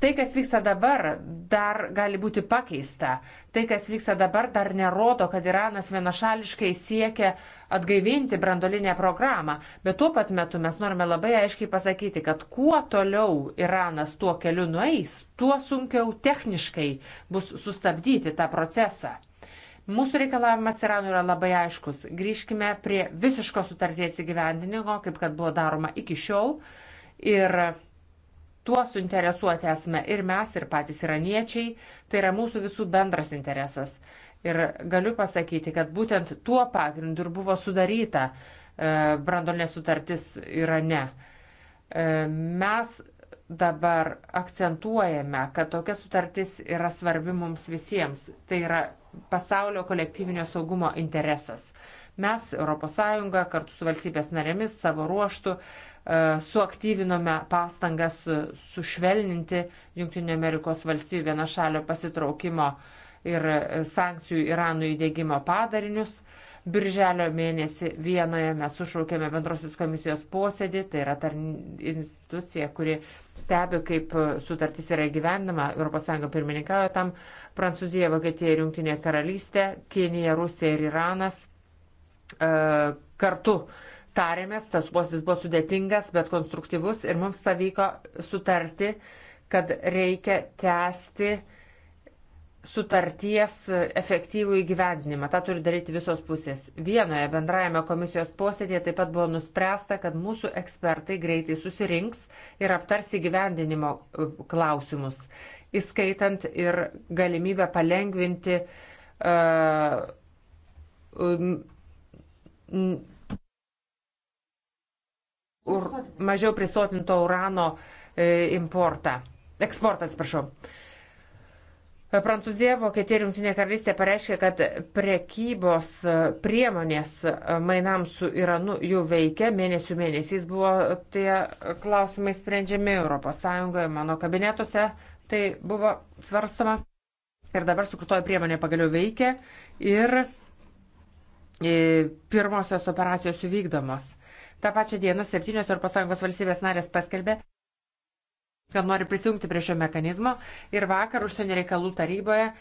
Tai, kas vyksta dabar, dar gali būti pakeista. Tai, kas vyksta dabar, dar nerodo, kad Iranas vienašališkai siekia atgaivinti brandolinę programą. Bet tuo pat metu mes norime labai aiškiai pasakyti, kad kuo toliau Iranas tuo keliu nueis, tuo sunkiau techniškai bus sustabdyti tą procesą. Mūsų reikalavimas Iranui yra labai aiškus. Grįžkime prie visiško sutarties įgyvendinimo, kaip kad buvo daroma iki šiol. Ir Tuo suinteresuoti esame ir mes, ir patys iraniečiai. Tai yra mūsų visų bendras interesas. Ir galiu pasakyti, kad būtent tuo pagrindu ir buvo sudaryta e, brandolinė sutartis Irane. E, mes dabar akcentuojame, kad tokia sutartis yra svarbi mums visiems. Tai yra pasaulio kolektyvinio saugumo interesas. Mes, ES, kartu su valstybės narėmis savo ruoštų E, suaktyvinome pastangas sušvelninti JAV vienašalio pasitraukimo ir sankcijų Iranui įdėgymo padarinius. Birželio mėnesį vienoje mes sušaukėme bendrosios komisijos posėdį, tai yra ta institucija, kuri stebi, kaip sutartis yra gyvenama, ES pirmininkauja tam, Prancūzija, Vokietija ir Junktinė karalystė, Kinija, Rusija ir Iranas e, kartu tarėmės, tas postis buvo sudėtingas, bet konstruktyvus ir mums pavyko sutarti, kad reikia tęsti sutarties efektyvų įgyvendinimą. Ta turi daryti visos pusės. Vienoje bendrajame komisijos posėdėje taip pat buvo nuspręsta, kad mūsų ekspertai greitai susirinks ir aptars įgyvendinimo e, klausimus, įskaitant ir galimybę palengvinti uh, um, ur, mažiau prisotinto urano e, importą. Eksportą, atsiprašau. E, Prancūzija, Vokietija ir Junktinė karalystė pareiškė, kad prekybos e, priemonės e, mainams su Iranu jau veikia. Mėnesių mėnesiais buvo tie klausimai sprendžiami ES, mano kabinetuose tai buvo svarstama. Ir dabar sukurtoji priemonė pagaliau veikia ir pirmosios operacijos įvykdomos. Ta pačia diena septynios ES valstybės narės paskelbė, kad nori prisijungti prie šio mechanizmo ir vakar užsienio reikalų taryboje e,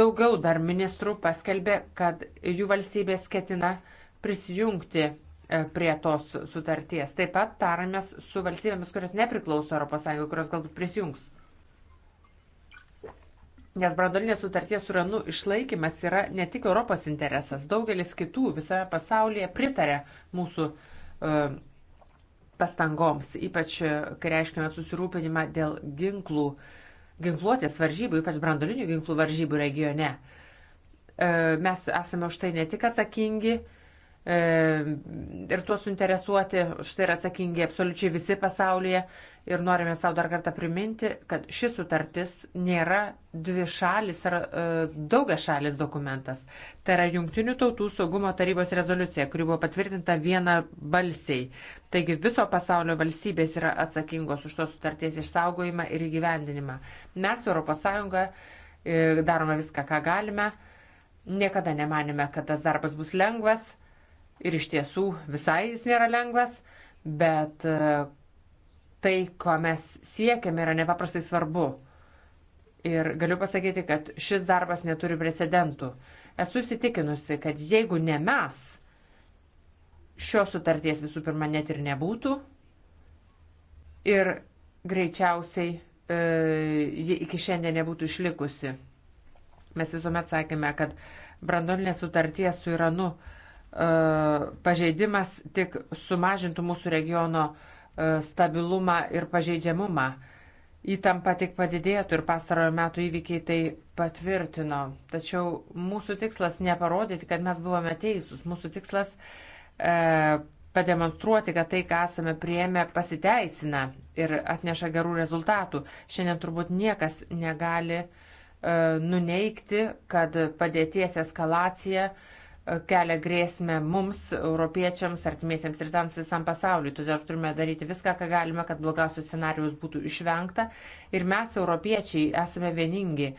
daugiau dar ministrų paskelbė, kad jų valstybės ketina prisijungti e, prie tos sutarties. Taip pat taramės su valstybėmis, kurios nepriklauso ES, kurios galbūt prisijungs. Nes brandolinės sutarties su Iranu išlaikymas yra ne tik Europos interesas, daugelis kitų visame pasaulyje pritarė mūsų uh, E, pastangoms, ypač e, kai reiškime susirūpinimą dėl ginklų, ginkluotės varžybų, ypač brandolinių ginklų varžybų regione. E, mes esame už tai ne tik atsakingi, Ehm, ir tuo suinteresuoti, štai yra atsakingi absoliučiai visi pasaulyje. Ir norime savo dar kartą priminti, kad ši sutartis nėra dvi šalis ar e, daugia šalis dokumentas. Tai yra Junktinių tautų saugumo tarybos rezoliucija, kuri buvo patvirtinta viena balsiai. Taigi viso pasaulio valstybės yra atsakingos už tos sutarties išsaugojimą ir įgyvendinimą. Mes, ES, e, darome viską, ką galime. Niekada nemanėme, kad tas darbas bus lengvas ir iš tiesų visai jis nėra lengvas, bet e, tai, ko mes siekiame, yra nepaprastai svarbu. Ir galiu pasakyti, kad šis darbas neturi precedentų. Esu įsitikinusi, kad jeigu ne mes, šios sutarties visų pirma net ir nebūtų ir greičiausiai e, ji iki šiandien nebūtų išlikusi. Mes visuomet sakėme, kad brandolinė sutarties su Iranu e, E, pažeidimas tik sumažintų mūsų regiono e, stabilumą ir pažeidžiamumą. Įtampa tik padidėtų ir pastarojo metų įvykiai tai patvirtino. Tačiau mūsų tikslas neparodyti, kad mes buvome teisūs. Mūsų tikslas e, pademonstruoti, kad tai, ką esame prieėmę, pasiteisina ir atneša gerų rezultatų. Šiandien turbūt niekas negali e, nuneikti, kad padėties eskalacija e, kelia grėsmę mums, europiečiams, artimiesiems rytams visam pasauliu. Todėl turime daryti viską, ką galime, kad blogiausios scenarijus būtų išvengta. Ir mes, europiečiai, esame vieningi.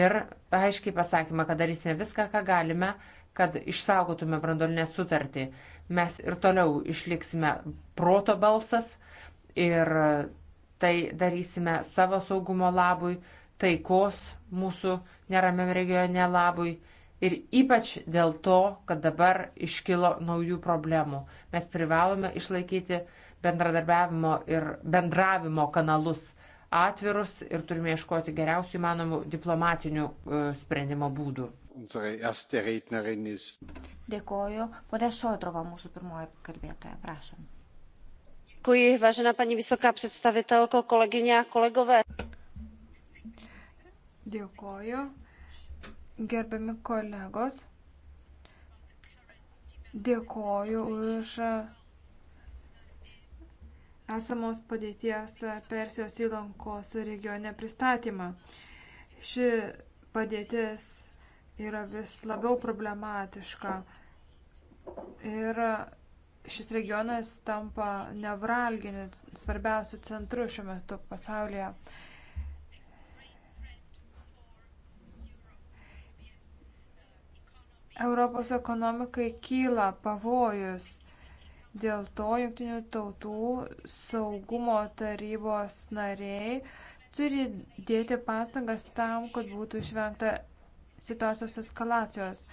Ir aiškiai pasakymą, kad darysime viską, ką galime, kad išsaugotume brandolinę sutartį. Mes ir toliau išliksime proto balsas ir tai darysime savo saugumo labui, taikos mūsų neramiam regione labui Ir ypač dėl to, kad dabar iškilo naujų problemų. Mes privalome išlaikyti bendradarbiavimo ir bendravimo kanalus atvirus ir turime iškoti geriausių įmanomų diplomatinių e, sprendimo būdų. Dėkoju. Pone Šodrova, mūsų pirmoji kalbėtoja, prašom. Děkuji, vážená paní vysoká představitelko, kolegyně a kolegové. Děkuji. Gerbiami kolegos, dėkoju už esamos padėties Persijos įlankos regione pristatymą. Ši padėtis yra vis labiau problematiška ir šis regionas tampa nevralginiu svarbiausiu centru šiuo metu pasaulyje. Europos ekonomikai kyla pavojus. Dėl to Junktinių tautų saugumo tarybos nariai turi dėti pastangas tam, kad būtų išvengta situacijos eskalacijos.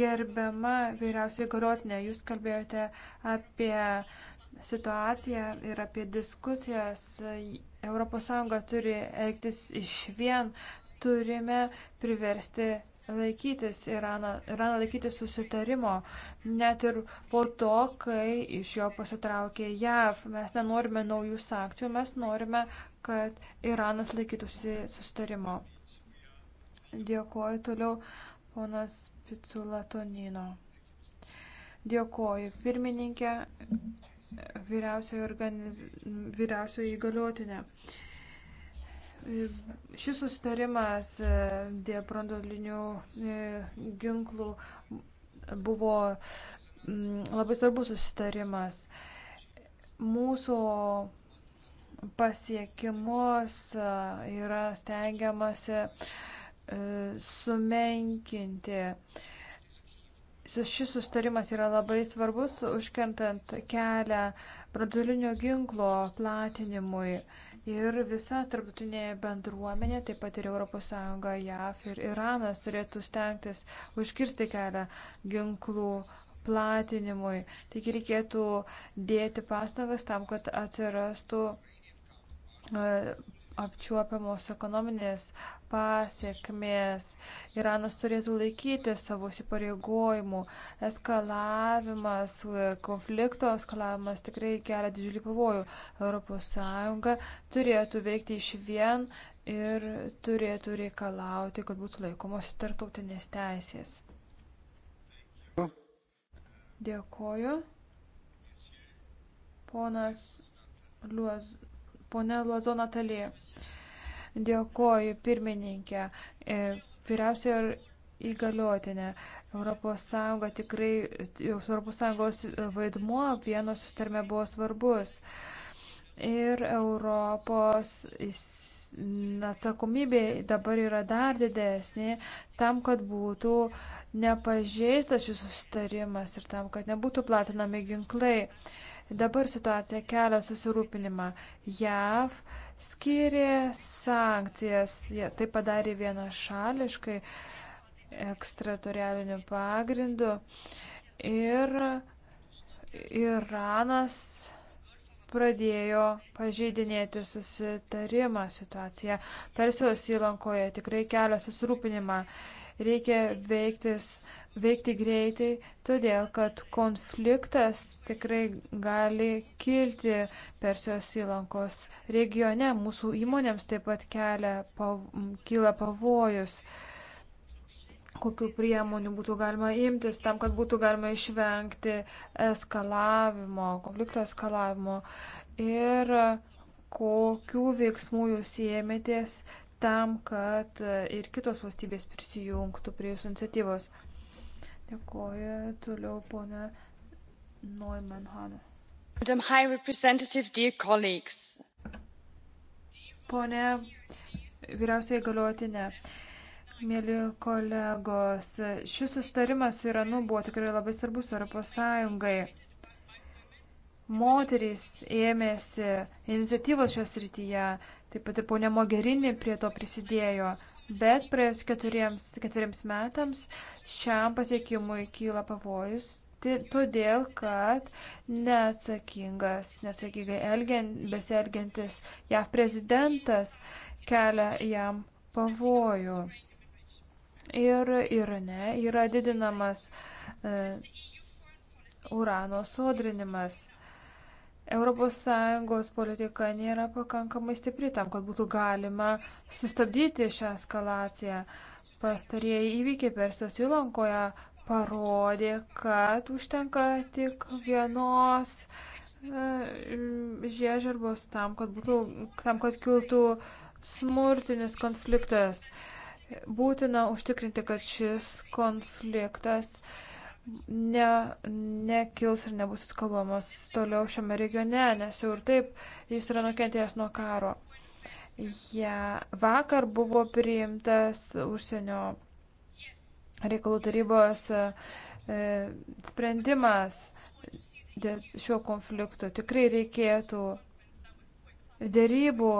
Gerbiama vyriausiai galiotinė, jūs kalbėjote apie situaciją ir apie diskusijas. ES turi elgtis iš vien, turime priversti laikytis Iraną, Iraną laikytis susitarimo, net ir po to, kai iš jo pasitraukė JAV. Mes nenorime naujų sankcijų, mes norime, kad Iranas laikytųsi susitarimo. Dėkoju toliau ponas Picula Tonino. Dėkoju pirmininkė, vyriausioji, organiz... vyriausioji įgaliotinė. Uh, Šis sustarimas e, dėl brandolinių e, ginklų buvo mm, labai svarbus sustarimas. Mūsų pasiekimus e, yra stengiamasi sumenkinti. Šis sustarimas yra labai svarbus, užkentant kelią branduolinio ginklo platinimui. Ir visa tarptautinė bendruomenė, taip pat ir ES, JAF ir Iranas turėtų stengtis užkirsti kelią ginklų platinimui. Taigi reikėtų dėti pastangas tam, kad atsirastų e, apčiuopiamos ekonominės pasiekmės. Iranas turėtų laikyti savo įsipareigojimų. Eskalavimas, konflikto eskalavimas tikrai kelia didžiulį pavojų. ES turėtų veikti iš vien ir turėtų reikalauti, kad būtų laikomos tarptautinės teisės. Dėkoju. Ponas Liuos Pone Luozo Natalė, dėkoju pirmininkė, e, vyriausiojo įgaliotinė. ES tikrai, ES vaidmuo vieno sustarme buvo svarbus. Ir Europos atsakomybė dabar yra dar didesnė tam, kad būtų nepažeistas šis sustarimas ir tam, kad nebūtų platinami ginklai. Dabar situacija kelia susirūpinimą. JAV skyrė sankcijas, jie tai padarė vienašališkai ekstratorialiniu pagrindu ir Iranas pradėjo pažeidinėti susitarimą situaciją. Persijos įlankoje tikrai kelia susirūpinimą. Reikia veiktis veikti greitai, todėl kad konfliktas tikrai gali kilti Persijos įlankos regione. Mūsų įmonėms taip pat kelia, pav, kyla pavojus, kokiu priemonių būtų galima imtis tam, kad būtų galima išvengti eskalavimo, konflikto eskalavimo ir kokių veiksmų jūs ėmėtės tam, kad ir kitos valstybės prisijungtų prie jūsų iniciatyvos. Dėkuoju toliau ponė Neumann. Madam High Representative, dear colleagues. Pone vyriausiai galiotinė. Mėly kolegos, šis sustarimas su Iranu buvo tikrai labai svarbus Europos Sąjungai. Moterys ėmėsi iniciatyvos šios rytyje, taip pat ir ponė Mogerini prie to prisidėjo. Bet praėjus keturiems, keturiems metams šiam pasiekimui kyla pavojus, todėl kad neatsakingas, nesakygai elgiant, besielgiantis JAV prezidentas kelia jam pavojų. Ir Irane yra didinamas uh, urano sodrinimas. ES politika nėra pakankamai stipri tam, kad būtų galima sustabdyti šią eskalaciją. Pastarieji įvykiai Persijos įlankoje parodė, kad užtenka tik vienos e, žiežirbos tam, kad, būtų, tam, kad kiltų smurtinis konfliktas. Būtina užtikrinti, kad šis konfliktas uh, ne, nekils ir nebus skalbamas toliau šiame regione, nes jau ir taip jis yra nukentėjęs nuo karo. Ja, vakar buvo priimtas užsienio reikalų tarybos e, sprendimas dėl šio konflikto. Tikrai reikėtų dėrybų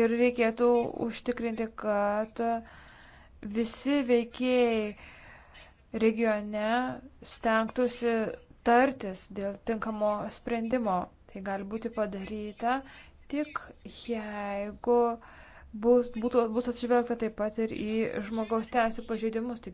ir reikėtų užtikrinti, kad visi veikėjai regione stengtųsi tartis dėl tinkamo sprendimo. Tai gali būti padaryta tik jeigu bus, būtų, bus atsižvelgta taip pat ir į žmogaus teisų pažeidimus. Taigi